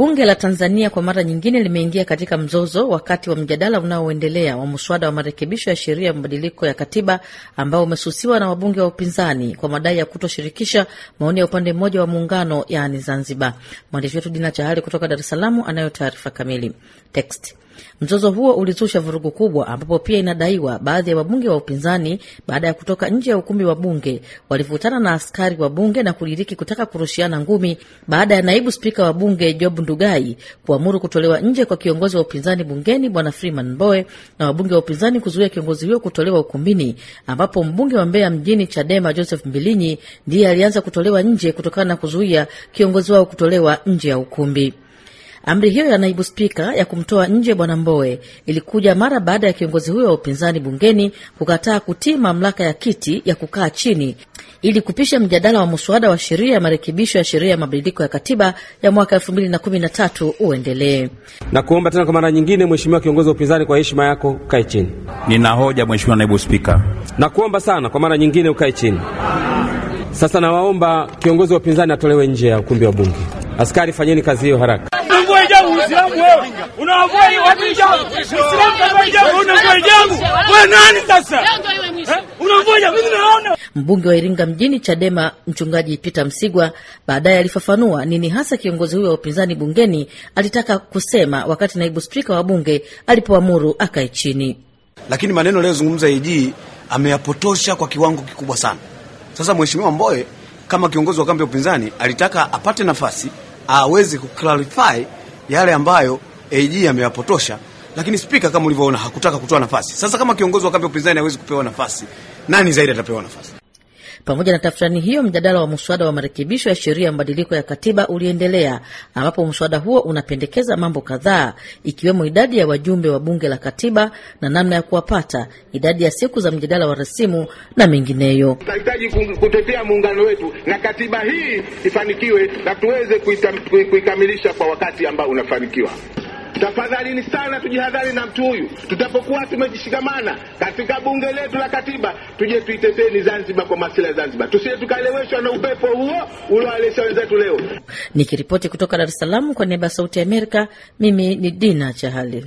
Bunge la Tanzania kwa mara nyingine limeingia katika mzozo wakati wa mjadala unaoendelea wa mswada wa marekebisho ya sheria ya mabadiliko ya katiba ambao umesusiwa na wabunge wa upinzani kwa madai ya kutoshirikisha maoni ya upande mmoja wa muungano, yaani Zanzibar. Mwandishi wetu Dina Chahali kutoka Dar es Salaam anayo taarifa kamili. Text. Mzozo huo ulizusha vurugu kubwa, ambapo pia inadaiwa baadhi ya wabunge wa upinzani baada ya kutoka nje ya ukumbi wa bunge walivutana na askari wa bunge na kudiriki kutaka kurushiana ngumi baada ya naibu spika wa bunge Job Ndugai kuamuru kutolewa nje kwa kiongozi wa upinzani bungeni Bwana Freeman Mbowe na wabunge wa upinzani kuzuia kiongozi huyo kutolewa ukumbini, ambapo mbunge wa Mbeya mjini Chadema Joseph Mbilinyi ndiye alianza kutolewa nje kutokana na kuzuia kiongozi wao kutolewa nje ya ukumbi. Amri hiyo ya naibu spika ya kumtoa nje bwana Mbowe ilikuja mara baada ya kiongozi huyo wa upinzani bungeni kukataa kutii mamlaka ya kiti ya kukaa chini ili kupisha mjadala wa muswada wa sheria ya marekebisho ya sheria ya mabadiliko ya katiba ya mwaka elfu mbili na kumi na tatu uendelee. Na kuomba tena kwa mara nyingine, mheshimiwa kiongozi wa upinzani, kwa heshima yako kae chini. Nina hoja mheshimiwa naibu spika. Na kuomba sana kwa mara nyingine ukae chini. Sasa nawaomba kiongozi wa upinzani atolewe nje ya ukumbi wa Bunge. Askari, fanyeni kazi hiyo haraka. Muislamu wewe unawavua watu hijabu, Muislamu kavaa hijabu, unavua hijabu wewe nani sasa? Eh, Mbunge wa Iringa mjini Chadema mchungaji Peter Msigwa baadaye alifafanua nini hasa kiongozi huyo wa upinzani bungeni alitaka kusema wakati naibu spika wa bunge alipoamuru akae chini, lakini maneno aliyozungumza AG ameyapotosha kwa kiwango kikubwa sana. Sasa Mheshimiwa Mboye kama kiongozi wa kambi ya upinzani alitaka apate nafasi aweze kuclarify yale ambayo AG ameyapotosha, lakini spika kama ulivyoona hakutaka kutoa nafasi. Sasa kama kiongozi wa kambi ya upinzani hawezi kupewa nafasi, nani zaidi atapewa nafasi? Pamoja na tafrani hiyo, mjadala wa mswada wa marekebisho ya sheria ya mabadiliko ya katiba uliendelea, ambapo mswada huo unapendekeza mambo kadhaa, ikiwemo idadi ya wajumbe wa bunge la katiba na namna ya kuwapata, idadi ya siku za mjadala wa rasimu na mengineyo. Tunahitaji kutetea muungano wetu na katiba hii ifanikiwe na tuweze kuikamilisha kwa wakati ambao unafanikiwa. Tafadhalini sana tujihadhari na mtu huyu. Tutapokuwa tumejishikamana katika bunge letu la katiba, tuje tuiteteni Zanzibar kwa masila ya Zanzibar, tusije tukaeleweshwa na upepo huo uliowalesha wenzetu leo. Nikiripoti kutoka Dar es Salaam kwa niaba ya Sauti ya Amerika, mimi ni Dina Chahali.